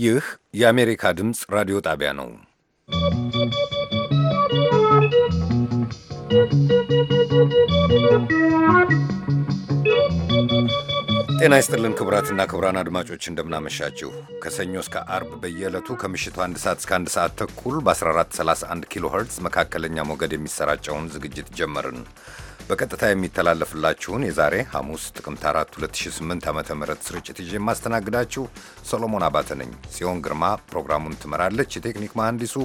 ይህ የአሜሪካ ድምፅ ራዲዮ ጣቢያ ነው። ጤና ይስጥልን ክቡራትና ክቡራን አድማጮች እንደምናመሻችሁ። ከሰኞ እስከ አርብ በየዕለቱ ከምሽቱ አንድ ሰዓት እስከ አንድ ሰዓት ተኩል በ1431 ኪሎ ኸርትዝ መካከለኛ ሞገድ የሚሰራጨውን ዝግጅት ጀመርን። በቀጥታ የሚተላለፍላችሁን የዛሬ ሐሙስ ጥቅምት 4 2008 ዓ ም ስርጭት ይዤ የማስተናግዳችሁ ሰሎሞን አባተ ነኝ። ጽዮን ግርማ ፕሮግራሙን ትመራለች። የቴክኒክ መሐንዲሱ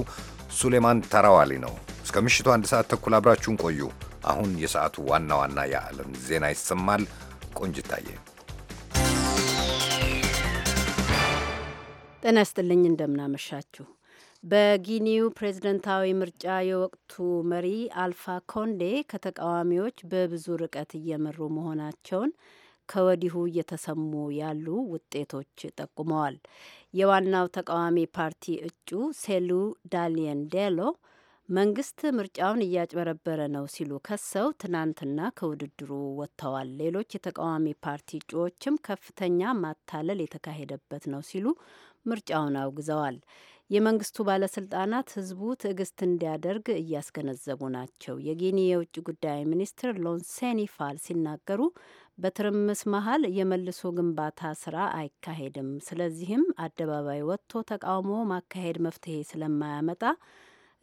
ሱሌማን ተራዋሊ ነው። እስከ ምሽቱ አንድ ሰዓት ተኩል አብራችሁን ቆዩ። አሁን የሰዓቱ ዋና ዋና የዓለም ዜና ይሰማል። ቆንጅታዬ ጤና ይስጥልኝ። እንደምናመሻችሁ በጊኒው ፕሬዝደንታዊ ምርጫ የወቅቱ መሪ አልፋ ኮንዴ ከተቃዋሚዎች በብዙ ርቀት እየመሩ መሆናቸውን ከወዲሁ እየተሰሙ ያሉ ውጤቶች ጠቁመዋል። የዋናው ተቃዋሚ ፓርቲ እጩ ሴሉ ዳሊየን ዴሎ መንግስት ምርጫውን እያጭበረበረ ነው ሲሉ ከሰው ትናንትና ከውድድሩ ወጥተዋል። ሌሎች የተቃዋሚ ፓርቲ እጩዎችም ከፍተኛ ማታለል የተካሄደበት ነው ሲሉ ምርጫውን አውግዘዋል። የመንግስቱ ባለስልጣናት ህዝቡ ትዕግስት እንዲያደርግ እያስገነዘቡ ናቸው። የጊኒ የውጭ ጉዳይ ሚኒስትር ሎንሴኒ ፋል ሲናገሩ በትርምስ መሀል የመልሶ ግንባታ ስራ አይካሄድም፣ ስለዚህም አደባባይ ወጥቶ ተቃውሞ ማካሄድ መፍትሄ ስለማያመጣ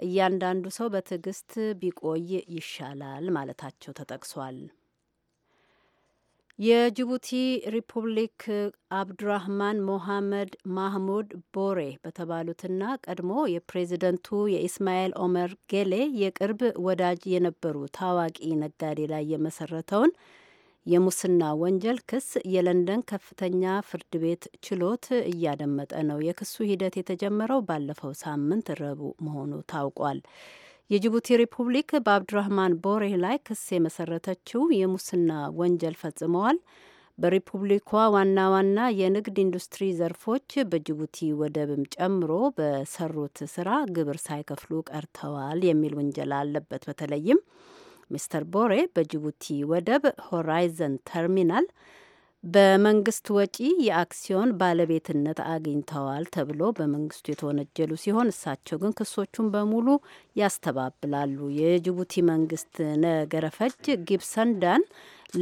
እያንዳንዱ ሰው በትዕግስት ቢቆይ ይሻላል ማለታቸው ተጠቅሷል። የጅቡቲ ሪፑብሊክ አብዱራህማን ሞሐመድ ማህሙድ ቦሬ በተባሉትና ቀድሞ የፕሬዚደንቱ የኢስማኤል ኦመር ጌሌ የቅርብ ወዳጅ የነበሩ ታዋቂ ነጋዴ ላይ የመሰረተውን የሙስና ወንጀል ክስ የለንደን ከፍተኛ ፍርድ ቤት ችሎት እያደመጠ ነው። የክሱ ሂደት የተጀመረው ባለፈው ሳምንት ረቡዕ መሆኑ ታውቋል። የጅቡቲ ሪፑብሊክ በአብዱራህማን ቦሬ ላይ ክስ የመሰረተችው የሙስና ወንጀል ፈጽመዋል፣ በሪፑብሊኳ ዋና ዋና የንግድ ኢንዱስትሪ ዘርፎች በጅቡቲ ወደብም ጨምሮ በሰሩት ስራ ግብር ሳይከፍሉ ቀርተዋል የሚል ውንጀላ አለበት። በተለይም ሚስተር ቦሬ በጅቡቲ ወደብ ሆራይዘን ተርሚናል በመንግስት ወጪ የአክሲዮን ባለቤትነት አግኝተዋል ተብሎ በመንግስቱ የተወነጀሉ ሲሆን እሳቸው ግን ክሶቹን በሙሉ ያስተባብላሉ። የጅቡቲ መንግስት ነገረ ፈጅ ጊብሰን ዳን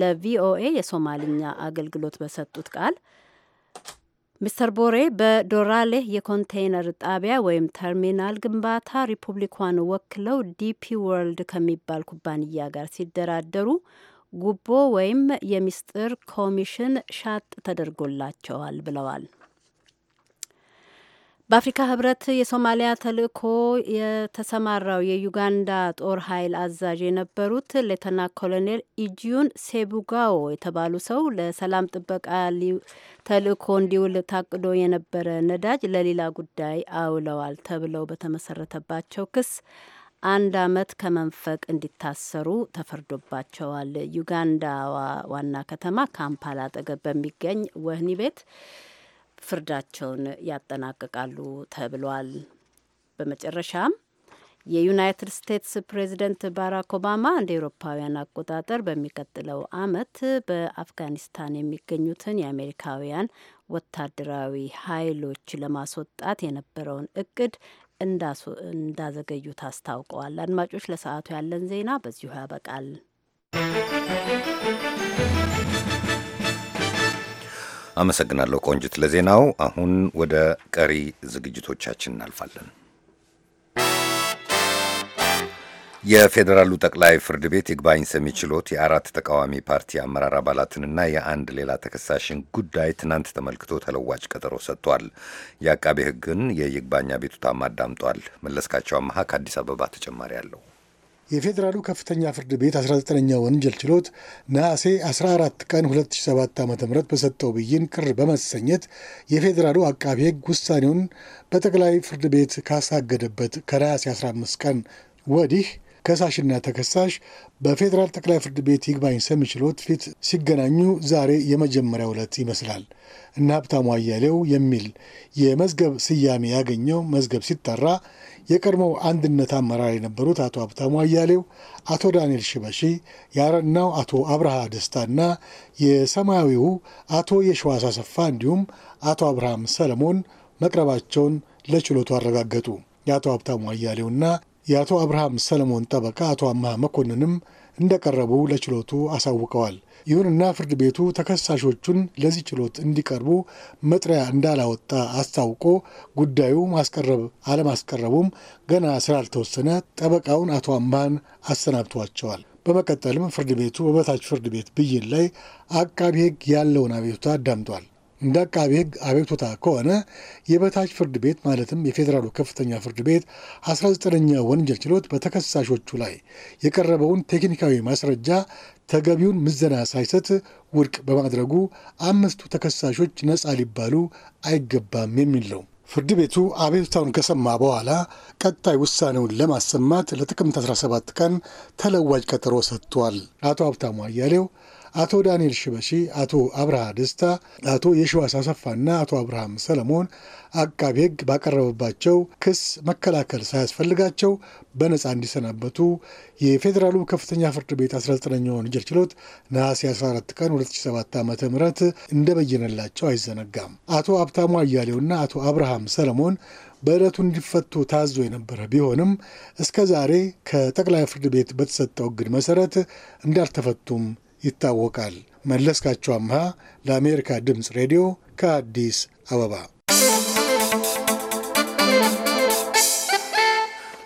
ለቪኦኤ የሶማልኛ አገልግሎት በሰጡት ቃል ሚስተር ቦሬ በዶራሌ የኮንቴይነር ጣቢያ ወይም ተርሚናል ግንባታ ሪፑብሊኳን ወክለው ዲፒ ወርልድ ከሚባል ኩባንያ ጋር ሲደራደሩ ጉቦ ወይም የሚስጥር ኮሚሽን ሻጥ ተደርጎላቸዋል ብለዋል። በአፍሪካ ህብረት የሶማሊያ ተልእኮ የተሰማራው የዩጋንዳ ጦር ኃይል አዛዥ የነበሩት ሌተና ኮሎኔል ኢጂዩን ሴቡጋዎ የተባሉ ሰው ለሰላም ጥበቃ ተልእኮ እንዲውል ታቅዶ የነበረ ነዳጅ ለሌላ ጉዳይ አውለዋል ተብለው በተመሰረተባቸው ክስ አንድ አመት ከመንፈቅ እንዲታሰሩ ተፈርዶባቸዋል። ዩጋንዳዋ ዋና ከተማ ካምፓላ አጠገብ በሚገኝ ወህኒ ቤት ፍርዳቸውን ያጠናቅቃሉ ተብሏል። በመጨረሻም የዩናይትድ ስቴትስ ፕሬዚደንት ባራክ ኦባማ እንደ ኤሮፓውያን አቆጣጠር በሚቀጥለው አመት በአፍጋኒስታን የሚገኙትን የአሜሪካውያን ወታደራዊ ኃይሎች ለማስወጣት የነበረውን እቅድ እንዳዘገዩት አስታውቀዋል። አድማጮች፣ ለሰዓቱ ያለን ዜና በዚሁ ያበቃል። አመሰግናለሁ ቆንጅት ለዜናው። አሁን ወደ ቀሪ ዝግጅቶቻችን እናልፋለን። የፌዴራሉ ጠቅላይ ፍርድ ቤት ይግባኝ ሰሚ ችሎት የአራት ተቃዋሚ ፓርቲ አመራር አባላትንና የአንድ ሌላ ተከሳሽን ጉዳይ ትናንት ተመልክቶ ተለዋጭ ቀጠሮ ሰጥቷል። የአቃቤ ሕግን የይግባኝ አቤቱታም አዳምጧል። መለስካቸው አመሀ ከአዲስ አበባ ተጨማሪ አለው። የፌዴራሉ ከፍተኛ ፍርድ ቤት 19ኛ ወንጀል ችሎት ነሐሴ 14 ቀን 2007 ዓ ም በሰጠው ብይን ቅር በመሰኘት የፌዴራሉ አቃቤ ሕግ ውሳኔውን በጠቅላይ ፍርድ ቤት ካሳገደበት ከነሐሴ 15 ቀን ወዲህ ከሳሽና ተከሳሽ በፌዴራል ጠቅላይ ፍርድ ቤት ይግባኝ ሰሚ ችሎት ፊት ሲገናኙ ዛሬ የመጀመሪያው ዕለት ይመስላል። እነ ሀብታሙ አያሌው የሚል የመዝገብ ስያሜ ያገኘው መዝገብ ሲጠራ የቀድሞው አንድነት አመራር የነበሩት አቶ ሀብታሙ አያሌው፣ አቶ ዳንኤል ሽበሺ፣ የአረናው አቶ አብርሃ ደስታና የሰማያዊው አቶ የሸዋስ አሰፋ እንዲሁም አቶ አብርሃም ሰለሞን መቅረባቸውን ለችሎቱ አረጋገጡ። የአቶ ሀብታሙ አያሌውና የአቶ አብርሃም ሰለሞን ጠበቃ አቶ አምሃ መኮንንም እንደቀረቡ ለችሎቱ አሳውቀዋል። ይሁንና ፍርድ ቤቱ ተከሳሾቹን ለዚህ ችሎት እንዲቀርቡ መጥሪያ እንዳላወጣ አስታውቆ ጉዳዩ ማስቀረብ አለማስቀረቡም ገና ስላልተወሰነ ጠበቃውን አቶ አምሃን አሰናብቷቸዋል። በመቀጠልም ፍርድ ቤቱ በበታች ፍርድ ቤት ብይን ላይ አቃቢ ሕግ ያለውን አቤቱታ አዳምጧል። እንደ አቃቢ ህግ አቤቱታ ከሆነ የበታች ፍርድ ቤት ማለትም የፌዴራሉ ከፍተኛ ፍርድ ቤት 19ኛ ወንጀል ችሎት በተከሳሾቹ ላይ የቀረበውን ቴክኒካዊ ማስረጃ ተገቢውን ምዘና ሳይሰጥ ውድቅ በማድረጉ አምስቱ ተከሳሾች ነፃ ሊባሉ አይገባም የሚል ነው። ፍርድ ቤቱ አቤቱታውን ከሰማ በኋላ ቀጣይ ውሳኔውን ለማሰማት ለጥቅምት 17 ቀን ተለዋጅ ቀጠሮ ሰጥቷል። አቶ ሀብታሙ አያሌው አቶ ዳንኤል ሽበሺ፣ አቶ አብርሃ ደስታ፣ አቶ የሸዋስ አሰፋና አቶ አብርሃም ሰለሞን አቃቤ ሕግ ባቀረበባቸው ክስ መከላከል ሳያስፈልጋቸው በነፃ እንዲሰናበቱ የፌዴራሉ ከፍተኛ ፍርድ ቤት 19ኛ ወንጀል ችሎት ነሐሴ 14 ቀን 2007 ዓ ም እንደበየነላቸው አይዘነጋም። አቶ ሀብታሙ አያሌውና አቶ አብርሃም ሰለሞን በዕለቱ እንዲፈቱ ታዞ የነበረ ቢሆንም እስከ ዛሬ ከጠቅላይ ፍርድ ቤት በተሰጠው እግድ መሠረት እንዳልተፈቱም ይታወቃል። መለስካቸው አምሃ ለአሜሪካ ድምፅ ሬዲዮ ከአዲስ አበባ።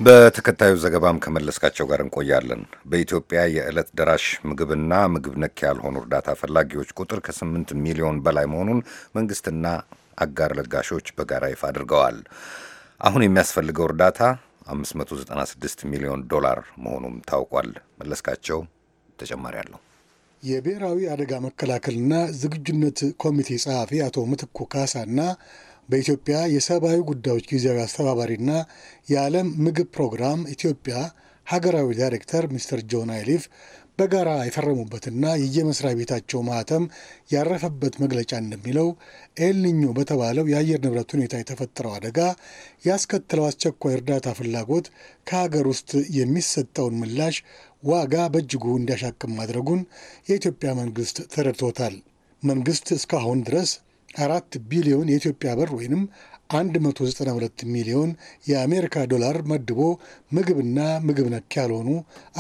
በተከታዩ ዘገባም ከመለስካቸው ጋር እንቆያለን። በኢትዮጵያ የዕለት ደራሽ ምግብና ምግብ ነክ ያልሆኑ እርዳታ ፈላጊዎች ቁጥር ከ8 ሚሊዮን በላይ መሆኑን መንግስትና አጋር ለጋሾች በጋራ ይፋ አድርገዋል። አሁን የሚያስፈልገው እርዳታ 596 ሚሊዮን ዶላር መሆኑም ታውቋል። መለስካቸው ተጨማሪ አለው። የብሔራዊ አደጋ መከላከልና ዝግጁነት ኮሚቴ ጸሐፊ አቶ ምትኩ ካሳና በኢትዮጵያ የሰብአዊ ጉዳዮች ጊዜያዊ አስተባባሪና የዓለም ምግብ ፕሮግራም ኢትዮጵያ ሀገራዊ ዳይሬክተር ሚስተር ጆን አይሊፍ በጋራ የፈረሙበትና የየመስሪያ ቤታቸው ማህተም ያረፈበት መግለጫ እንደሚለው ኤልኒኞ በተባለው የአየር ንብረት ሁኔታ የተፈጠረው አደጋ ያስከትለው አስቸኳይ እርዳታ ፍላጎት ከሀገር ውስጥ የሚሰጠውን ምላሽ ዋጋ በእጅጉ እንዲያሻቅም ማድረጉን የኢትዮጵያ መንግስት ተረድቶታል። መንግስት እስካሁን ድረስ አራት ቢሊዮን የኢትዮጵያ ብር ወይም 192 ሚሊዮን የአሜሪካ ዶላር መድቦ ምግብና ምግብ ነክ ያልሆኑ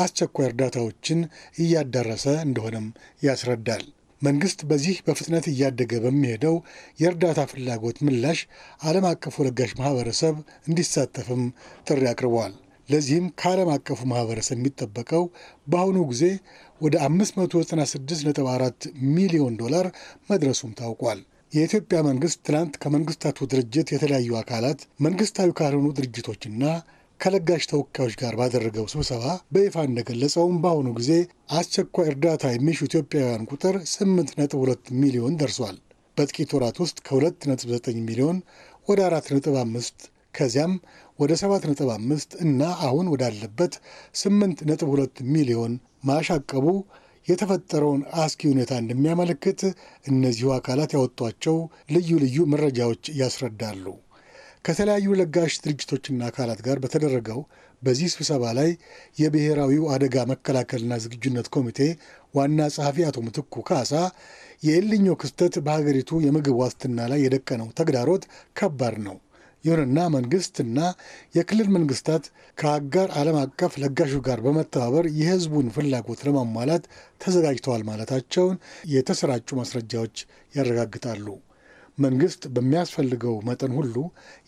አስቸኳይ እርዳታዎችን እያዳረሰ እንደሆነም ያስረዳል። መንግስት በዚህ በፍጥነት እያደገ በሚሄደው የእርዳታ ፍላጎት ምላሽ ዓለም አቀፉ ለጋሽ ማህበረሰብ እንዲሳተፍም ጥሪ አቅርበዋል። ለዚህም ከዓለም አቀፉ ማህበረሰብ የሚጠበቀው በአሁኑ ጊዜ ወደ 596.4 ሚሊዮን ዶላር መድረሱም ታውቋል። የኢትዮጵያ መንግስት ትናንት ከመንግስታቱ ድርጅት የተለያዩ አካላት፣ መንግስታዊ ካልሆኑ ድርጅቶችና ከለጋሽ ተወካዮች ጋር ባደረገው ስብሰባ በይፋ እንደገለጸውም በአሁኑ ጊዜ አስቸኳይ እርዳታ የሚሹ ኢትዮጵያውያን ቁጥር 8.2 ሚሊዮን ደርሷል። በጥቂት ወራት ውስጥ ከ2.9 ሚሊዮን ወደ 4.5 ከዚያም ወደ 7.5 እና አሁን ወዳለበት 8.2 ሚሊዮን ማሻቀቡ የተፈጠረውን አስኪ ሁኔታ እንደሚያመለክት እነዚሁ አካላት ያወጧቸው ልዩ ልዩ መረጃዎች ያስረዳሉ። ከተለያዩ ለጋሽ ድርጅቶችና አካላት ጋር በተደረገው በዚህ ስብሰባ ላይ የብሔራዊው አደጋ መከላከልና ዝግጁነት ኮሚቴ ዋና ጸሐፊ አቶ ምትኩ ካሳ የኤልኞ ክስተት በሀገሪቱ የምግብ ዋስትና ላይ የደቀነው ተግዳሮት ከባድ ነው ይሁንና መንግስትና የክልል መንግስታት ከአጋር ዓለም አቀፍ ለጋሹ ጋር በመተባበር የህዝቡን ፍላጎት ለማሟላት ተዘጋጅተዋል ማለታቸውን የተሰራጩ ማስረጃዎች ያረጋግጣሉ። መንግስት በሚያስፈልገው መጠን ሁሉ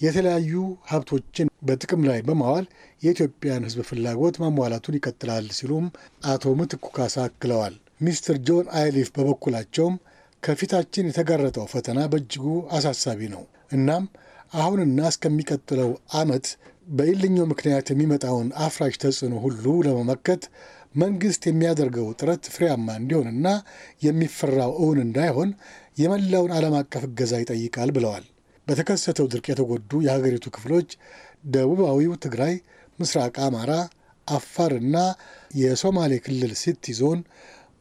የተለያዩ ሀብቶችን በጥቅም ላይ በማዋል የኢትዮጵያን ህዝብ ፍላጎት ማሟላቱን ይቀጥላል ሲሉም አቶ ምትኩ ካሳ አክለዋል። ሚስትር ጆን አይሊፍ በበኩላቸውም ከፊታችን የተጋረጠው ፈተና በእጅጉ አሳሳቢ ነው። እናም አሁንና እስከሚቀጥለው ዓመት በኢልኞ ምክንያት የሚመጣውን አፍራሽ ተጽዕኖ ሁሉ ለመመከት መንግስት የሚያደርገው ጥረት ፍሬያማ እንዲሆንና የሚፈራው እውን እንዳይሆን የመላውን ዓለም አቀፍ እገዛ ይጠይቃል ብለዋል። በተከሰተው ድርቅ የተጎዱ የሀገሪቱ ክፍሎች ደቡባዊው ትግራይ፣ ምስራቅ አማራ፣ አፋርና የሶማሌ ክልል ሲቲ ዞን፣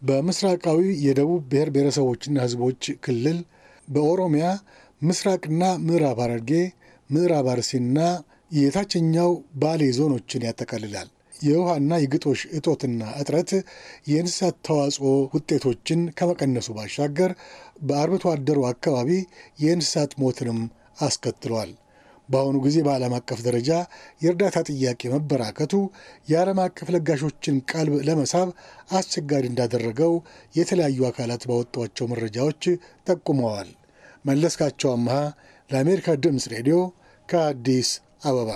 በምስራቃዊ የደቡብ ብሔር ብሔረሰቦችና ህዝቦች ክልል፣ በኦሮሚያ ምስራቅና ምዕራብ ሐረርጌ፣ ምዕራብ አርሲና የታችኛው ባሌ ዞኖችን ያጠቃልላል። የውሃና የግጦሽ እጦትና እጥረት የእንስሳት ተዋጽኦ ውጤቶችን ከመቀነሱ ባሻገር በአርብቶ አደሩ አካባቢ የእንስሳት ሞትንም አስከትሏል። በአሁኑ ጊዜ በዓለም አቀፍ ደረጃ የእርዳታ ጥያቄ መበራከቱ የዓለም አቀፍ ለጋሾችን ቀልብ ለመሳብ አስቸጋሪ እንዳደረገው የተለያዩ አካላት ባወጧቸው መረጃዎች ጠቁመዋል። መለስካቸው አምሃ ለአሜሪካ ድምፅ ሬዲዮ ከአዲስ አበባ።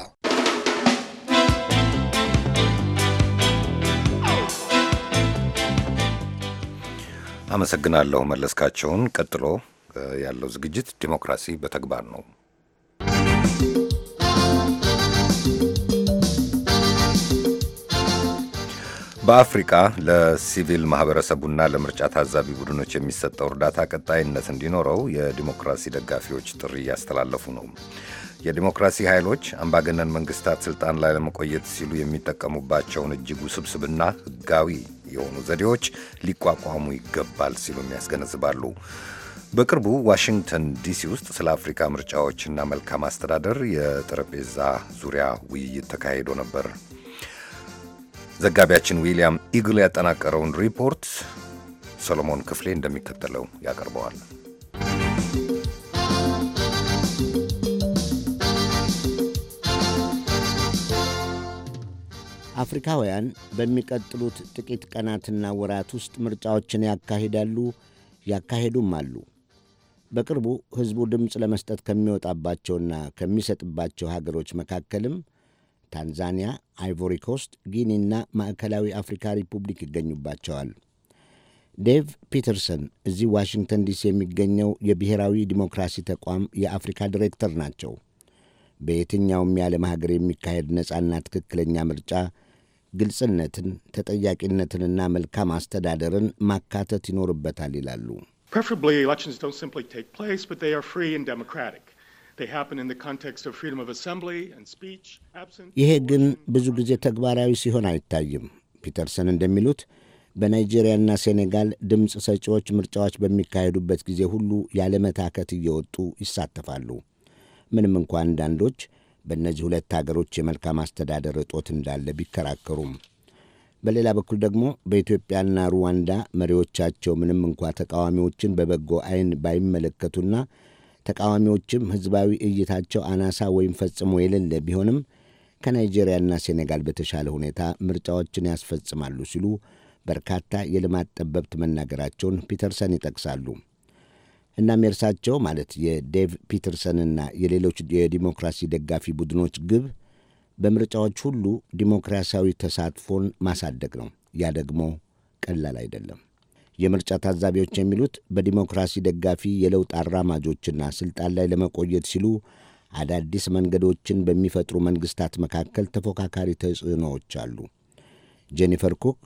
አመሰግናለሁ መለስካቸውን። ቀጥሎ ያለው ዝግጅት ዲሞክራሲ በተግባር ነው። በአፍሪቃ ለሲቪል ማኅበረሰቡና ለምርጫ ታዛቢ ቡድኖች የሚሰጠው እርዳታ ቀጣይነት እንዲኖረው የዲሞክራሲ ደጋፊዎች ጥሪ እያስተላለፉ ነው። የዲሞክራሲ ኃይሎች አምባገነን መንግስታት ስልጣን ላይ ለመቆየት ሲሉ የሚጠቀሙባቸውን እጅግ ውስብስብና ህጋዊ የሆኑ ዘዴዎች ሊቋቋሙ ይገባል ሲሉም ያስገነዝባሉ። በቅርቡ ዋሽንግተን ዲሲ ውስጥ ስለ አፍሪካ ምርጫዎችና መልካም አስተዳደር የጠረጴዛ ዙሪያ ውይይት ተካሂዶ ነበር። ዘጋቢያችን ዊልያም ኢግል ያጠናቀረውን ሪፖርት ሰሎሞን ክፍሌ እንደሚከተለው ያቀርበዋል። አፍሪካውያን በሚቀጥሉት ጥቂት ቀናትና ወራት ውስጥ ምርጫዎችን ያካሂዳሉ፣ ያካሄዱም አሉ። በቅርቡ ሕዝቡ ድምፅ ለመስጠት ከሚወጣባቸውና ከሚሰጥባቸው ሀገሮች መካከልም ታንዛኒያ፣ አይቮሪ ኮስት፣ ጊኒና ማዕከላዊ አፍሪካ ሪፑብሊክ ይገኙባቸዋል። ዴቭ ፒተርሰን እዚህ ዋሽንግተን ዲሲ የሚገኘው የብሔራዊ ዲሞክራሲ ተቋም የአፍሪካ ዲሬክተር ናቸው። በየትኛውም የዓለም ሀገር የሚካሄድ ነጻና ትክክለኛ ምርጫ ግልጽነትን፣ ተጠያቂነትንና መልካም አስተዳደርን ማካተት ይኖርበታል ይላሉ። ይሄ ግን ብዙ ጊዜ ተግባራዊ ሲሆን አይታይም። ፒተርሰን እንደሚሉት በናይጄሪያና ሴኔጋል ድምፅ ሰጪዎች ምርጫዎች በሚካሄዱበት ጊዜ ሁሉ ያለመታከት እየወጡ ይሳተፋሉ። ምንም እንኳ አንዳንዶች በእነዚህ ሁለት አገሮች የመልካም አስተዳደር እጦት እንዳለ ቢከራከሩም፣ በሌላ በኩል ደግሞ በኢትዮጵያና ሩዋንዳ መሪዎቻቸው ምንም እንኳ ተቃዋሚዎችን በበጎ ዓይን ባይመለከቱና ተቃዋሚዎችም ሕዝባዊ እይታቸው አናሳ ወይም ፈጽሞ የሌለ ቢሆንም ከናይጄሪያና ሴኔጋል በተሻለ ሁኔታ ምርጫዎችን ያስፈጽማሉ ሲሉ በርካታ የልማት ጠበብት መናገራቸውን ፒተርሰን ይጠቅሳሉ። እናም የእርሳቸው ማለት የዴቭ ፒተርሰንና የሌሎች የዲሞክራሲ ደጋፊ ቡድኖች ግብ በምርጫዎች ሁሉ ዲሞክራሲያዊ ተሳትፎን ማሳደግ ነው። ያ ደግሞ ቀላል አይደለም። የምርጫ ታዛቢዎች የሚሉት በዲሞክራሲ ደጋፊ የለውጥ አራማጆችና ስልጣን ላይ ለመቆየት ሲሉ አዳዲስ መንገዶችን በሚፈጥሩ መንግስታት መካከል ተፎካካሪ ተጽዕኖዎች አሉ። ጄኒፈር ኩክ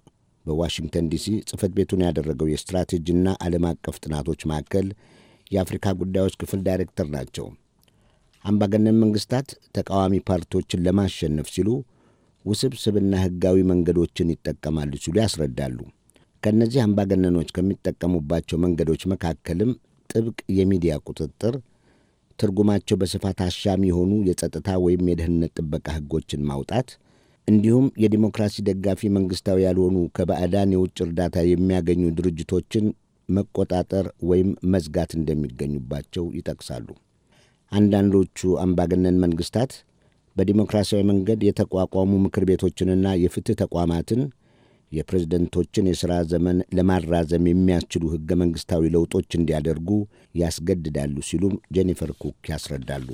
በዋሽንግተን ዲሲ ጽህፈት ቤቱን ያደረገው የስትራቴጂና ዓለም አቀፍ ጥናቶች ማዕከል የአፍሪካ ጉዳዮች ክፍል ዳይሬክተር ናቸው። አምባገነን መንግስታት ተቃዋሚ ፓርቲዎችን ለማሸነፍ ሲሉ ውስብስብና ሕጋዊ መንገዶችን ይጠቀማሉ ሲሉ ያስረዳሉ። ከእነዚህ አምባገነኖች ከሚጠቀሙባቸው መንገዶች መካከልም ጥብቅ የሚዲያ ቁጥጥር፣ ትርጉማቸው በስፋት አሻሚ የሆኑ የጸጥታ ወይም የደህንነት ጥበቃ ሕጎችን ማውጣት እንዲሁም የዲሞክራሲ ደጋፊ መንግሥታዊ ያልሆኑ ከባዕዳን የውጭ እርዳታ የሚያገኙ ድርጅቶችን መቆጣጠር ወይም መዝጋት እንደሚገኙባቸው ይጠቅሳሉ። አንዳንዶቹ አምባገነን መንግሥታት በዲሞክራሲያዊ መንገድ የተቋቋሙ ምክር ቤቶችንና የፍትሕ ተቋማትን የፕሬዝደንቶችን የሥራ ዘመን ለማራዘም የሚያስችሉ ሕገ መንግሥታዊ ለውጦች እንዲያደርጉ ያስገድዳሉ ሲሉም ጄኒፈር ኩክ ያስረዳሉ።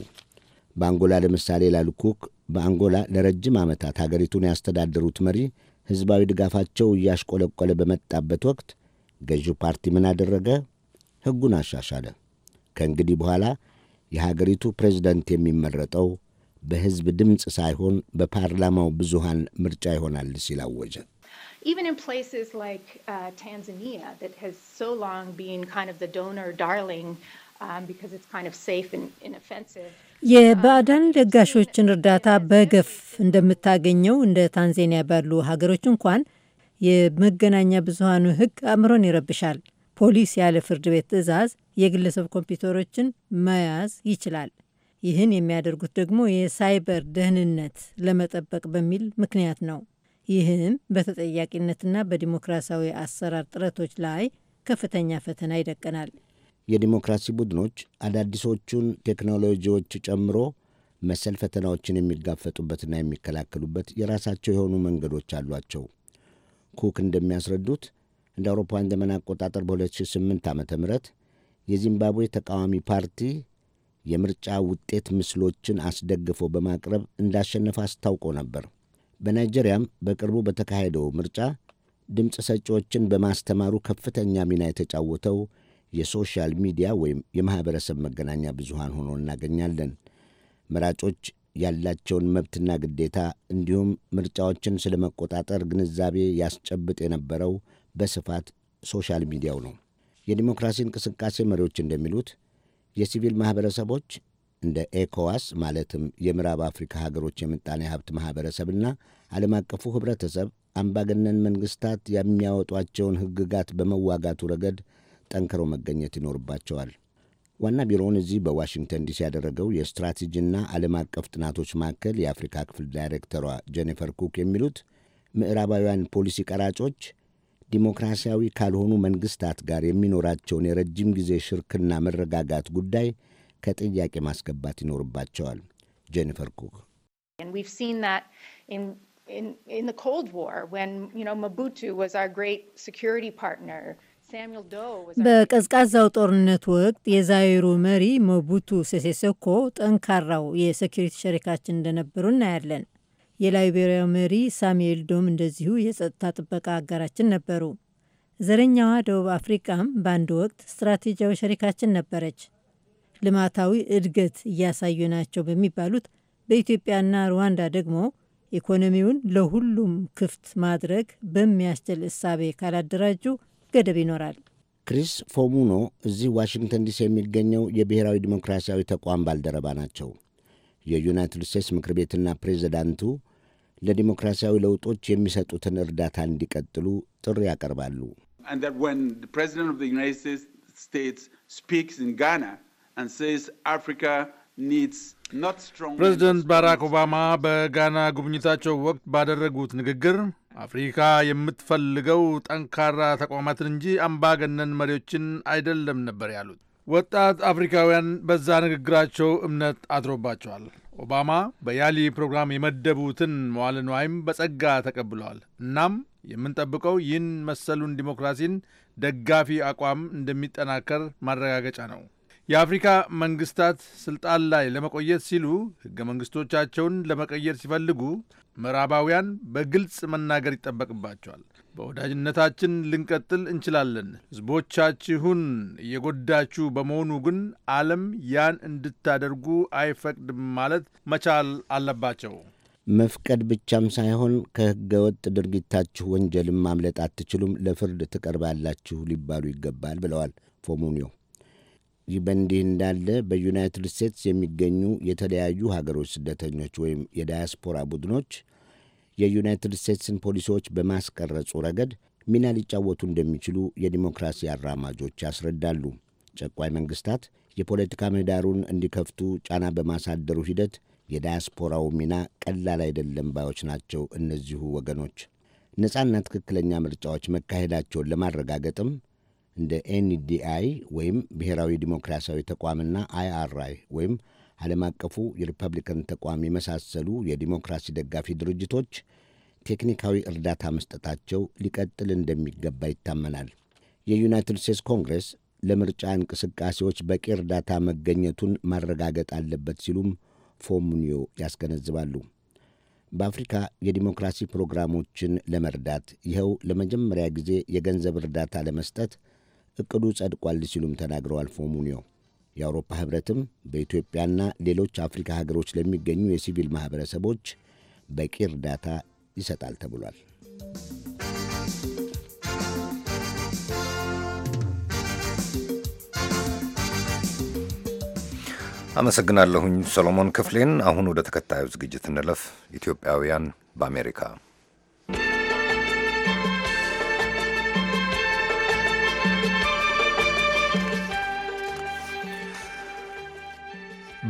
በአንጎላ ለምሳሌ ላሉ ኩክ፣ በአንጎላ ለረጅም ዓመታት ሀገሪቱን ያስተዳደሩት መሪ ሕዝባዊ ድጋፋቸው እያሽቆለቆለ በመጣበት ወቅት ገዢው ፓርቲ ምን አደረገ? ሕጉን አሻሻለ። ከእንግዲህ በኋላ የሀገሪቱ ፕሬዝደንት የሚመረጠው በሕዝብ ድምፅ ሳይሆን በፓርላማው ብዙሃን ምርጫ ይሆናል ሲል አወጀ። even in places like uh, Tanzania, that has so long been kind of the donor darling um, because it's kind of safe and inoffensive. የባዕዳን um, ለጋሾችን እርዳታ በገፍ እንደምታገኘው እንደ ታንዛኒያ ባሉ ሀገሮች እንኳን የመገናኛ ብዙሀኑ ህግ አእምሮን ይረብሻል። ፖሊስ ያለ ፍርድ ቤት ትዕዛዝ የግለሰብ ኮምፒውተሮችን መያዝ ይችላል። ይህን የሚያደርጉት ደግሞ የሳይበር ደህንነት ለመጠበቅ በሚል ምክንያት ነው። ይህም በተጠያቂነትና በዲሞክራሲያዊ አሰራር ጥረቶች ላይ ከፍተኛ ፈተና ይደቀናል። የዲሞክራሲ ቡድኖች አዳዲሶቹን ቴክኖሎጂዎች ጨምሮ መሰል ፈተናዎችን የሚጋፈጡበትና የሚከላከሉበት የራሳቸው የሆኑ መንገዶች አሏቸው። ኩክ እንደሚያስረዱት እንደ አውሮፓውያን ዘመን አቆጣጠር በ2008 ዓ ም የዚምባብዌ ተቃዋሚ ፓርቲ የምርጫ ውጤት ምስሎችን አስደግፎ በማቅረብ እንዳሸነፈ አስታውቆ ነበር። በናይጄሪያም በቅርቡ በተካሄደው ምርጫ ድምፅ ሰጪዎችን በማስተማሩ ከፍተኛ ሚና የተጫወተው የሶሻል ሚዲያ ወይም የማኅበረሰብ መገናኛ ብዙሃን ሆኖ እናገኛለን። መራጮች ያላቸውን መብትና ግዴታ እንዲሁም ምርጫዎችን ስለ መቆጣጠር ግንዛቤ ያስጨብጥ የነበረው በስፋት ሶሻል ሚዲያው ነው። የዲሞክራሲ እንቅስቃሴ መሪዎች እንደሚሉት የሲቪል ማኅበረሰቦች እንደ ኤኮዋስ ማለትም የምዕራብ አፍሪካ ሀገሮች የምጣኔ ሀብት ማኅበረሰብና ዓለም አቀፉ ኅብረተሰብ አምባገነን መንግሥታት የሚያወጧቸውን ሕግጋት በመዋጋቱ ረገድ ጠንክረው መገኘት ይኖርባቸዋል። ዋና ቢሮውን እዚህ በዋሽንግተን ዲሲ ያደረገው የስትራቴጂና ዓለም አቀፍ ጥናቶች ማዕከል የአፍሪካ ክፍል ዳይሬክተሯ ጄኒፈር ኩክ የሚሉት ምዕራባውያን ፖሊሲ ቀራጮች ዲሞክራሲያዊ ካልሆኑ መንግሥታት ጋር የሚኖራቸውን የረጅም ጊዜ ሽርክና መረጋጋት ጉዳይ ከጥያቄ ማስገባት ይኖርባቸዋል። ጄኒፈር ኩክ በቀዝቃዛው ጦርነት ወቅት የዛይሩ መሪ መቡቱ ሴሴሰኮ ጠንካራው የሴኪሪቲ ሸሪካችን እንደነበሩ እናያለን። የላይቤሪያው መሪ ሳሙኤል ዶም እንደዚሁ የጸጥታ ጥበቃ አጋራችን ነበሩ። ዘረኛዋ ደቡብ አፍሪቃም በአንድ ወቅት ስትራቴጂያዊ ሸሪካችን ነበረች። ልማታዊ እድገት እያሳዩ ናቸው በሚባሉት በኢትዮጵያና ሩዋንዳ ደግሞ ኢኮኖሚውን ለሁሉም ክፍት ማድረግ በሚያስችል እሳቤ ካላደራጁ ገደብ ይኖራል። ክሪስ ፎሙኖ እዚህ ዋሽንግተን ዲሲ የሚገኘው የብሔራዊ ዲሞክራሲያዊ ተቋም ባልደረባ ናቸው። የዩናይትድ ስቴትስ ምክር ቤትና ፕሬዚዳንቱ ለዲሞክራሲያዊ ለውጦች የሚሰጡትን እርዳታ እንዲቀጥሉ ጥሪ ያቀርባሉ። ፕሬዚደንት ባራክ ኦባማ በጋና ጉብኝታቸው ወቅት ባደረጉት ንግግር አፍሪካ የምትፈልገው ጠንካራ ተቋማትን እንጂ አምባገነን መሪዎችን አይደለም ነበር ያሉት። ወጣት አፍሪካውያን በዛ ንግግራቸው እምነት አድሮባቸዋል። ኦባማ በያሊ ፕሮግራም የመደቡትን መዋለ ንዋይም በጸጋ ተቀብለዋል። እናም የምንጠብቀው ይህን መሰሉን ዲሞክራሲን ደጋፊ አቋም እንደሚጠናከር ማረጋገጫ ነው። የአፍሪካ መንግስታት ስልጣን ላይ ለመቆየት ሲሉ ህገ መንግስቶቻቸውን ለመቀየር ሲፈልጉ ምዕራባውያን በግልጽ መናገር ይጠበቅባቸዋል። በወዳጅነታችን ልንቀጥል እንችላለን። ህዝቦቻችሁን እየጎዳችሁ በመሆኑ ግን ዓለም ያን እንድታደርጉ አይፈቅድም ማለት መቻል አለባቸው። መፍቀድ ብቻም ሳይሆን ከህገ ወጥ ድርጊታችሁ ወንጀልም ማምለጥ አትችሉም፣ ለፍርድ ትቀርባላችሁ ሊባሉ ይገባል ብለዋል ፎሙኒዮ። ይህ በእንዲህ እንዳለ በዩናይትድ ስቴትስ የሚገኙ የተለያዩ ሀገሮች ስደተኞች ወይም የዳያስፖራ ቡድኖች የዩናይትድ ስቴትስን ፖሊሲዎች በማስቀረጹ ረገድ ሚና ሊጫወቱ እንደሚችሉ የዲሞክራሲ አራማጆች ያስረዳሉ። ጨቋይ መንግስታት የፖለቲካ ምህዳሩን እንዲከፍቱ ጫና በማሳደሩ ሂደት የዳያስፖራው ሚና ቀላል አይደለም ባዮች ናቸው። እነዚሁ ወገኖች ነፃና ትክክለኛ ምርጫዎች መካሄዳቸውን ለማረጋገጥም እንደ ኤንዲአይ ወይም ብሔራዊ ዲሞክራሲያዊ ተቋምና አይአርአይ ወይም ዓለም አቀፉ የሪፐብሊካን ተቋም የመሳሰሉ የዲሞክራሲ ደጋፊ ድርጅቶች ቴክኒካዊ እርዳታ መስጠታቸው ሊቀጥል እንደሚገባ ይታመናል። የዩናይትድ ስቴትስ ኮንግረስ ለምርጫ እንቅስቃሴዎች በቂ እርዳታ መገኘቱን ማረጋገጥ አለበት ሲሉም ፎሙኒዮ ያስገነዝባሉ። በአፍሪካ የዲሞክራሲ ፕሮግራሞችን ለመርዳት ይኸው ለመጀመሪያ ጊዜ የገንዘብ እርዳታ ለመስጠት እቅዱ ጸድቋል ሲሉም ተናግረዋል ፎሙኒዮ። የአውሮፓ ህብረትም በኢትዮጵያና ሌሎች አፍሪካ ሀገሮች ለሚገኙ የሲቪል ማኅበረሰቦች በቂ እርዳታ ይሰጣል ተብሏል። አመሰግናለሁኝ ሰሎሞን ክፍሌን። አሁን ወደ ተከታዩ ዝግጅት እንለፍ። ኢትዮጵያውያን በአሜሪካ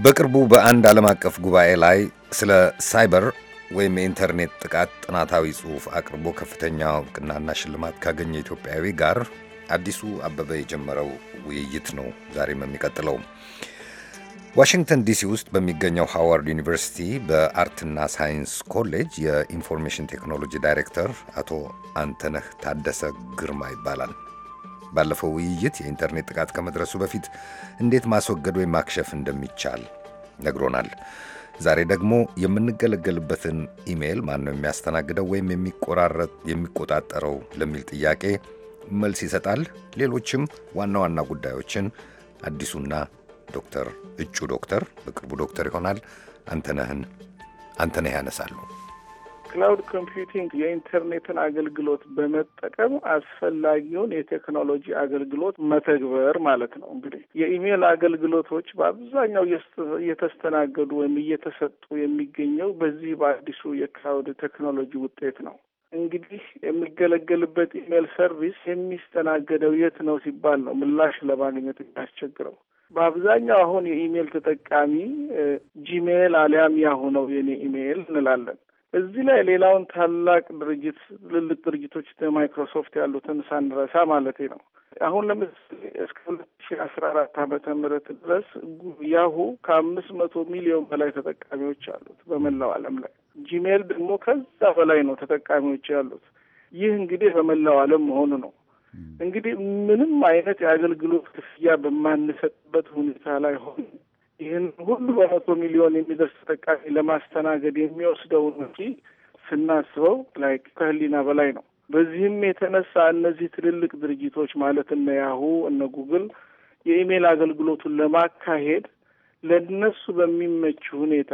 በቅርቡ በአንድ ዓለም አቀፍ ጉባኤ ላይ ስለ ሳይበር ወይም የኢንተርኔት ጥቃት ጥናታዊ ጽሑፍ አቅርቦ ከፍተኛ እውቅናና ሽልማት ካገኘ ኢትዮጵያዊ ጋር አዲሱ አበበ የጀመረው ውይይት ነው ዛሬም የሚቀጥለው። ዋሽንግተን ዲሲ ውስጥ በሚገኘው ሃዋርድ ዩኒቨርሲቲ በአርትና ሳይንስ ኮሌጅ የኢንፎርሜሽን ቴክኖሎጂ ዳይሬክተር አቶ አንተነህ ታደሰ ግርማ ይባላል። ባለፈው ውይይት የኢንተርኔት ጥቃት ከመድረሱ በፊት እንዴት ማስወገድ ወይም ማክሸፍ እንደሚቻል ነግሮናል። ዛሬ ደግሞ የምንገለገልበትን ኢሜይል ነው የሚያስተናግደው ወይም የሚቆራረጥ የሚቆጣጠረው ለሚል ጥያቄ መልስ ይሰጣል። ሌሎችም ዋና ዋና ጉዳዮችን አዲሱና ዶክተር እጩ ዶክተር በቅርቡ ዶክተር ይሆናል አንተነህን አንተነህ ያነሳሉ። ክላውድ ኮምፒውቲንግ የኢንተርኔትን አገልግሎት በመጠቀም አስፈላጊውን የቴክኖሎጂ አገልግሎት መተግበር ማለት ነው። እንግዲህ የኢሜል አገልግሎቶች በአብዛኛው እየተስተናገዱ ወይም እየተሰጡ የሚገኘው በዚህ በአዲሱ የክላውድ ቴክኖሎጂ ውጤት ነው። እንግዲህ የሚገለገልበት ኢሜል ሰርቪስ የሚስተናገደው የት ነው ሲባል ነው ምላሽ ለማግኘት የሚያስቸግረው። በአብዛኛው አሁን የኢሜል ተጠቃሚ ጂሜል አሊያም ያሁ ነው የኔ ኢሜል እንላለን። እዚህ ላይ ሌላውን ታላቅ ድርጅት ትልልቅ ድርጅቶች ማይክሮሶፍት ያሉትን ሳንረሳ ማለት ነው። አሁን ለምሳሌ እስከ ሁለት ሺ አስራ አራት ዓመተ ምህረት ድረስ ያሁ ከአምስት መቶ ሚሊዮን በላይ ተጠቃሚዎች አሉት በመላው ዓለም ላይ ጂሜል ደግሞ ከዛ በላይ ነው ተጠቃሚዎች ያሉት። ይህ እንግዲህ በመላው ዓለም መሆኑ ነው። እንግዲህ ምንም አይነት የአገልግሎት ክፍያ በማንሰጥበት ሁኔታ ላይ ሆን ይህን ሁሉ በመቶ ሚሊዮን የሚደርስ ተጠቃሚ ለማስተናገድ የሚወስደውን እንጂ ስናስበው ላይክ ከህሊና በላይ ነው። በዚህም የተነሳ እነዚህ ትልልቅ ድርጅቶች ማለት እነ ያሁ እነ ጉግል የኢሜይል አገልግሎቱን ለማካሄድ ለእነሱ በሚመች ሁኔታ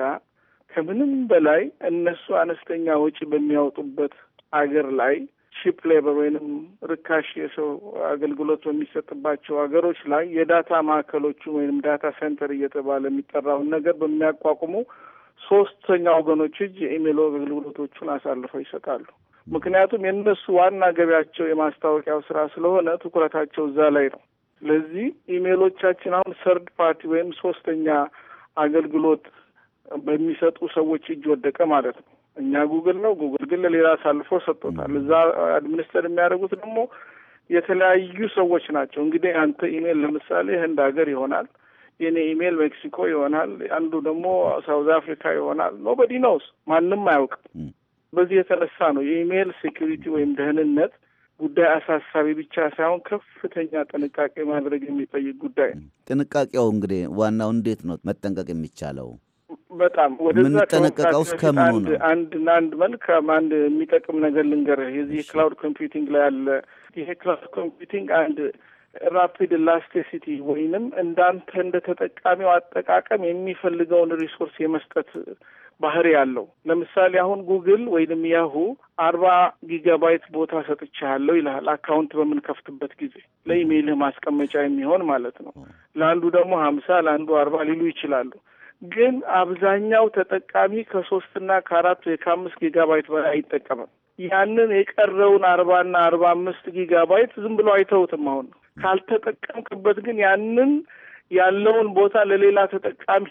ከምንም በላይ እነሱ አነስተኛ ወጪ በሚያወጡበት አገር ላይ ቺፕ ሌበር ወይንም ርካሽ የሰው አገልግሎት በሚሰጥባቸው ሀገሮች ላይ የዳታ ማዕከሎቹ ወይም ዳታ ሴንተር እየተባለ የሚጠራውን ነገር በሚያቋቁሙ ሶስተኛ ወገኖች እጅ የኢሜይል አገልግሎቶቹን አሳልፈው ይሰጣሉ። ምክንያቱም የእነሱ ዋና ገቢያቸው የማስታወቂያው ስራ ስለሆነ ትኩረታቸው እዛ ላይ ነው። ስለዚህ ኢሜሎቻችን አሁን ሰርድ ፓርቲ ወይም ሶስተኛ አገልግሎት በሚሰጡ ሰዎች እጅ ወደቀ ማለት ነው። እኛ ጉግል ነው። ጉግል ግን ለሌላ አሳልፎ ሰጥቶታል። እዛ አድሚኒስትር የሚያደርጉት ደግሞ የተለያዩ ሰዎች ናቸው። እንግዲህ አንተ ኢሜይል ለምሳሌ ህንድ ሀገር ይሆናል፣ የኔ ኢሜይል ሜክሲኮ ይሆናል፣ አንዱ ደግሞ ሳውዝ አፍሪካ ይሆናል። ኖበዲ ነውስ ማንም አያውቅም። በዚህ የተነሳ ነው የኢሜይል ሴኪሪቲ ወይም ደህንነት ጉዳይ አሳሳቢ ብቻ ሳይሆን ከፍተኛ ጥንቃቄ ማድረግ የሚጠይቅ ጉዳይ ነው። ጥንቃቄው እንግዲህ ዋናው እንዴት ነው መጠንቀቅ የሚቻለው? በጣም የምንጠነቀቀው እስከምኑ ነው? አንድና አንድ መልካም አንድ የሚጠቅም ነገር ልንገርህ። የዚህ ክላውድ ኮምፒውቲንግ ላይ አለ። ይሄ ክላውድ ኮምፒውቲንግ አንድ ራፒድ ላስቲሲቲ ወይንም እንዳንተ እንደ ተጠቃሚው አጠቃቀም የሚፈልገውን ሪሶርስ የመስጠት ባህሪ ያለው። ለምሳሌ አሁን ጉግል ወይንም ያሁ አርባ ጊጋባይት ቦታ ሰጥቻለሁ ይልሃል። አካውንት በምንከፍትበት ጊዜ ለኢሜይልህ ማስቀመጫ የሚሆን ማለት ነው። ለአንዱ ደግሞ ሀምሳ ለአንዱ አርባ ሊሉ ይችላሉ። ግን አብዛኛው ተጠቃሚ ከሶስትና ከአራት ወይ ከአምስት ጊጋባይት በላይ አይጠቀምም። ያንን የቀረውን አርባና አርባ አምስት ጊጋባይት ዝም ብሎ አይተውትም። አሁን ካልተጠቀምክበት ግን ያንን ያለውን ቦታ ለሌላ ተጠቃሚ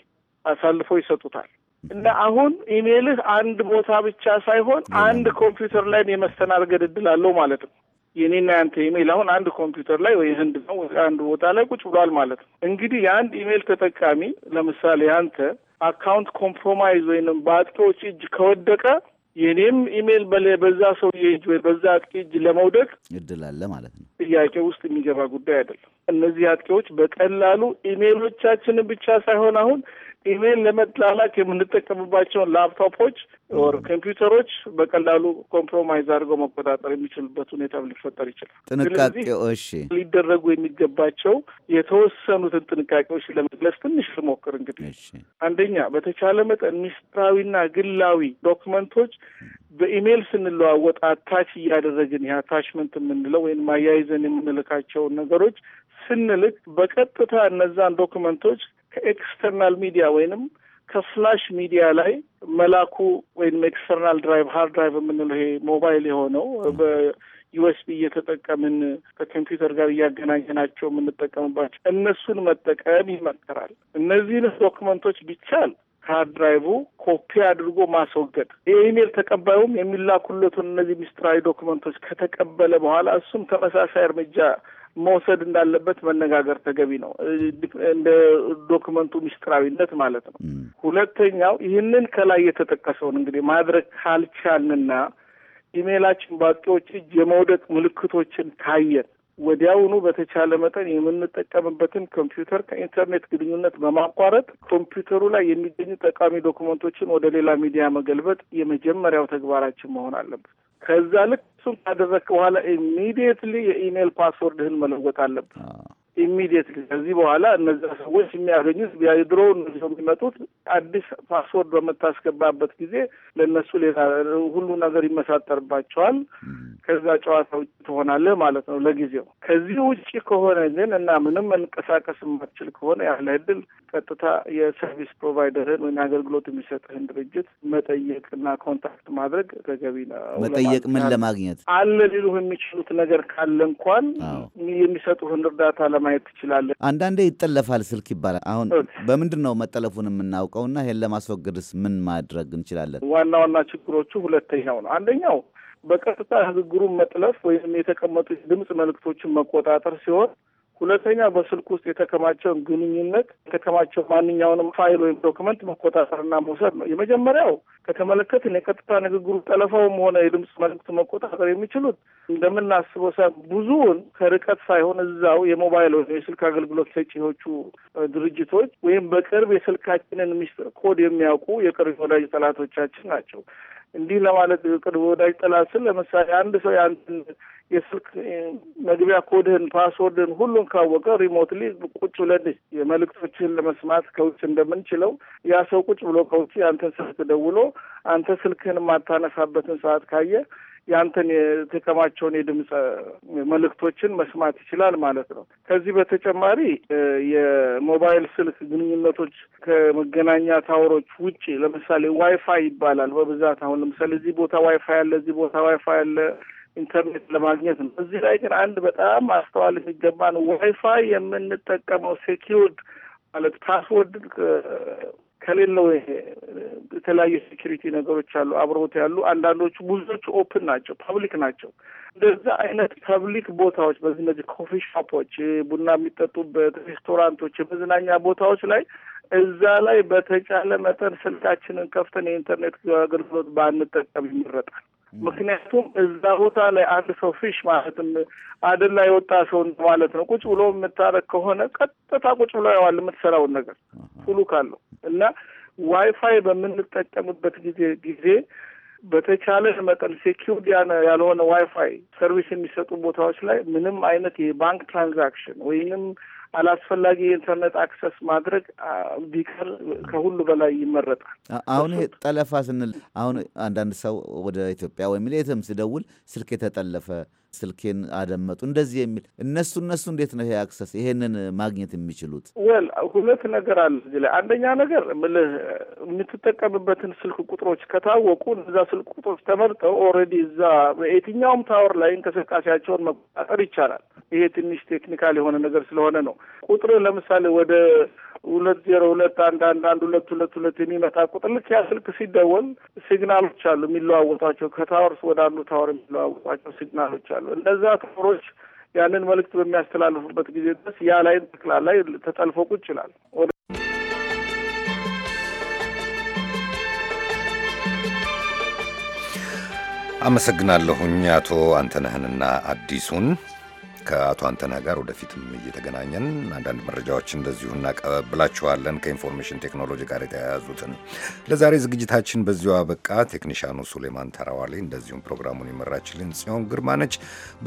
አሳልፎ ይሰጡታል እና አሁን ኢሜልህ አንድ ቦታ ብቻ ሳይሆን አንድ ኮምፒውተር ላይ የመስተናገድ እድል አለው ማለት ነው። የኔና ያንተ ኢሜይል አሁን አንድ ኮምፒውተር ላይ ወይ ህንድ ነው አንድ ቦታ ላይ ቁጭ ብሏል ማለት ነው። እንግዲህ የአንድ ኢሜይል ተጠቃሚ ለምሳሌ አንተ አካውንት ኮምፕሮማይዝ ወይንም በአጥቂዎች እጅ ከወደቀ የኔም ኢሜይል በዛ ሰው የእጅ ወይ በዛ አጥቂ እጅ ለመውደቅ እድል አለ ማለት ነው። ጥያቄ ውስጥ የሚገባ ጉዳይ አይደለም። እነዚህ አጥቂዎች በቀላሉ ኢሜይሎቻችንን ብቻ ሳይሆን አሁን ኢሜይል ለመላላክ የምንጠቀምባቸውን ላፕቶፖች ወር ኮምፒውተሮች በቀላሉ ኮምፕሮማይዝ አድርገው መቆጣጠር የሚችሉበት ሁኔታም ሊፈጠር ይችላል። ጥንቃቄዎች ሊደረጉ የሚገባቸው የተወሰኑትን ጥንቃቄዎች ለመግለጽ ትንሽ ልሞክር። እንግዲህ አንደኛ፣ በተቻለ መጠን ሚስጥራዊና ግላዊ ዶክመንቶች በኢሜይል ስንለዋወጥ አታች እያደረግን የአታችመንት የምንለው ወይም አያይዘን የምንልካቸውን ነገሮች ስንልክ በቀጥታ እነዛን ዶክመንቶች ከኤክስተርናል ሚዲያ ወይንም ከፍላሽ ሚዲያ ላይ መላኩ ወይም ኤክስተርናል ድራይቭ ሀርድ ድራይቭ የምንለው ይሄ ሞባይል የሆነው በዩኤስቢ እየተጠቀምን ከኮምፒውተር ጋር እያገናኘናቸው የምንጠቀምባቸው እነሱን መጠቀም ይመከራል። እነዚህን ዶክመንቶች ቢቻል ከሀርድ ድራይቭ ኮፒ አድርጎ ማስወገድ፣ የኢሜል ተቀባዩም የሚላኩለቱን እነዚህ ሚስጥራዊ ዶክመንቶች ከተቀበለ በኋላ እሱም ተመሳሳይ እርምጃ መውሰድ እንዳለበት መነጋገር ተገቢ ነው። እንደ ዶክመንቱ ምስጢራዊነት ማለት ነው። ሁለተኛው ይህንን ከላይ የተጠቀሰውን እንግዲህ ማድረግ ካልቻልንና ኢሜይላችን በአጥቂዎች እጅ የመውደቅ ምልክቶችን ካየን ወዲያውኑ በተቻለ መጠን የምንጠቀምበትን ኮምፒውተር ከኢንተርኔት ግንኙነት በማቋረጥ ኮምፒውተሩ ላይ የሚገኙ ጠቃሚ ዶክመንቶችን ወደ ሌላ ሚዲያ መገልበጥ የመጀመሪያው ተግባራችን መሆን አለበት። ከዛ ልክ እሱም ካደረግክ በኋላ ኢሚዲየትሊ የኢሜይል ፓስወርድህን መለወጥ አለብን። ኢሚዲየት ከዚህ በኋላ እነዚያ ሰዎች የሚያገኙት የድሮውን የሚመጡት አዲስ ፓስወርድ በምታስገባበት ጊዜ ለእነሱ ሌላ ሁሉ ነገር ይመሳጠርባቸዋል። ከዛ ጨዋታ ውጭ ትሆናለህ ማለት ነው ለጊዜው። ከዚህ ውጭ ከሆነ ግን እና ምንም መንቀሳቀስ የማትችል ከሆነ ያለ እድል ቀጥታ የሰርቪስ ፕሮቫይደርን ወይም አገልግሎት የሚሰጥህን ድርጅት መጠየቅ እና ኮንታክት ማድረግ ተገቢ ነው። መጠየቅ ምን ለማግኘት አለ ሊሉህ የሚችሉት ነገር ካለ እንኳን የሚሰጡህን እርዳታ ማየት ትችላለህ። አንዳንዴ ይጠለፋል ስልክ ይባላል። አሁን በምንድን ነው መጠለፉን እና ይሄን ለማስወገድስ ምን ማድረግ እንችላለን? ዋና ዋና ችግሮቹ ሁለተኛው ነው። አንደኛው በቀጥታ ንግግሩን መጥለፍ ወይም የተቀመጡ ድምፅ መልእክቶችን መቆጣጠር ሲሆን ሁለተኛ በስልክ ውስጥ የተከማቸውን ግንኙነት የተከማቸው ማንኛውንም ፋይል ወይም ዶክመንት መቆጣጠርና መውሰድ ነው። የመጀመሪያው ከተመለከትን የቀጥታ ንግግሩ ጠለፈውም ሆነ የድምፅ መልዕክቱ መቆጣጠር የሚችሉት እንደምናስበው ሳይሆን ብዙውን ከርቀት ሳይሆን እዛው የሞባይል ወይም የስልክ አገልግሎት ሰጪዎቹ ድርጅቶች ወይም በቅርብ የስልካችንን ሚስጥር ኮድ የሚያውቁ የቅርብ ወዳጅ ጠላቶቻችን ናቸው። እንዲህ ለማለት ቅርብ ወዳጅ ጠላት ስል ለምሳሌ አንድ ሰው የአንድን የስልክ መግቢያ ኮድህን፣ ፓስወርድህን ሁሉን ካወቀ ሪሞትሊ ቁጭ ብለን የመልእክቶችህን ለመስማት ከውጭ እንደምንችለው ያ ሰው ቁጭ ብሎ ከውጭ አንተን ስልክ ደውሎ አንተ ስልክህን የማታነሳበትን ሰዓት ካየ ያንተን የተከማቸውን የድምፅ መልእክቶችን መስማት ይችላል ማለት ነው። ከዚህ በተጨማሪ የሞባይል ስልክ ግንኙነቶች ከመገናኛ ታወሮች ውጭ ለምሳሌ ዋይፋይ ይባላል በብዛት አሁን ለምሳሌ እዚህ ቦታ ዋይፋይ አለ፣ እዚህ ቦታ ዋይፋይ አለ ኢንተርኔት ለማግኘት ነው። እዚህ ላይ ግን አንድ በጣም ማስተዋል የሚገባ ነው። ዋይፋይ የምንጠቀመው ሴኪርድ ማለት ፓስወርድ ከሌለው የተለያዩ ሴኪሪቲ ነገሮች አሉ አብረውት ያሉ። አንዳንዶቹ ብዙዎቹ ኦፕን ናቸው፣ ፐብሊክ ናቸው። እንደዛ አይነት ፐብሊክ ቦታዎች በዚህ እነዚህ ኮፊ ሾፖች፣ ቡና የሚጠጡበት ሬስቶራንቶች፣ የመዝናኛ ቦታዎች ላይ እዛ ላይ በተቻለ መጠን ስልካችንን ከፍተን የኢንተርኔት አገልግሎት ባንጠቀም ይመረጣል። ምክንያቱም እዛ ቦታ ላይ አንድ ሰው ፊሽ ማለት አደላ የወጣ ሰው ማለት ነው። ቁጭ ብሎ የምታረግ ከሆነ ቀጥታ ቁጭ ብሎ ያዋል የምትሰራውን ነገር ሁሉ ካለው እና ዋይፋይ በምንጠቀምበት ጊዜ ጊዜ በተቻለ መጠን ሴኪውርድ ያልሆነ ዋይፋይ ሰርቪስ የሚሰጡ ቦታዎች ላይ ምንም አይነት የባንክ ትራንዛክሽን ወይንም አላስፈላጊ የኢንተርኔት አክሰስ ማድረግ ቢቀር ከሁሉ በላይ ይመረጣል። አሁን ጠለፋ ስንል አሁን አንዳንድ ሰው ወደ ኢትዮጵያ ወይም ሌትም ሲደውል ስልክ የተጠለፈ ስልኬን አደመጡ እንደዚህ የሚል እነሱ እነሱ እንዴት ነው ይሄ አክሰስ ይሄንን ማግኘት የሚችሉት? ወል ሁለት ነገር አለ እዚህ ላይ አንደኛ ነገር ምልህ የምትጠቀምበትን ስልክ ቁጥሮች ከታወቁ እዛ ስልክ ቁጥሮች ተመርጠው ኦልሬዲ እዛ የትኛውም ታወር ላይ እንቅስቃሴያቸውን መቆጣጠር ይቻላል። ይሄ ትንሽ ቴክኒካል የሆነ ነገር ስለሆነ ነው። ቁጥር ለምሳሌ ወደ ሁለት ዜሮ ሁለት አንድ አንድ አንድ ሁለት ሁለት ሁለት የሚመታ ቁጥር ልክ ያ ስልክ ሲደወል ሲግናሎች አሉ የሚለዋወጧቸው ከታወር ወደ አንዱ ታወር የሚለዋወጧቸው ሲግናሎች አሉ። እነዛ ታወሮች ያንን መልእክት በሚያስተላልፉበት ጊዜ ድረስ ያ ላይን ጠቅላላ ተጠልፎ ቁጭ ይላል። አመሰግናለሁኝ አቶ አንተነህንና አዲሱን። ከአቶ አንተና ጋር ወደፊትም እየተገናኘን አንዳንድ መረጃዎች እንደዚሁ እናቀብላችኋለን ከኢንፎርሜሽን ቴክኖሎጂ ጋር የተያያዙትን። ለዛሬ ዝግጅታችን በዚሁ አበቃ። ቴክኒሻኑ ሱሌማን ተራዋሌ፣ እንደዚሁም ፕሮግራሙን የመራችልን ጽዮን ግርማ ነች።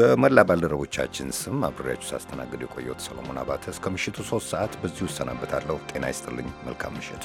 በመላ ባልደረቦቻችን ስም አብሬያችሁ ሳስተናግድ የቆየሁት ሰሎሞን አባተ እስከ ምሽቱ ሶስት ሰዓት በዚሁ እሰናበታለሁ። ጤና ይስጥልኝ። መልካም ምሽት።